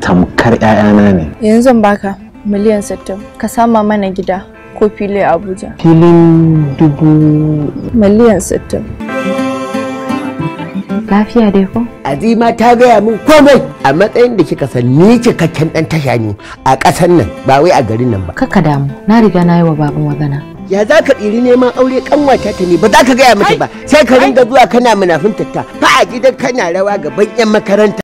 tamkar ƴaƴana ne yanzu baka miliyan 60 ka sama mana gida ko fili a abuja filin dubu miliyan 60 lafiya dai ko azima ta gaya min komai a matsayin da kika san ni cikakken dan tasha ne a ƙasar nan ba wai a garin nan ba kaka damu na riga na yi wa baban magana ya za ka tsiri neman aure kanwata ta ne ba za ka gaya mata ba sai ka ringa zuwa kana munafin tatta fa a gidan kana rawa gaban yan makaranta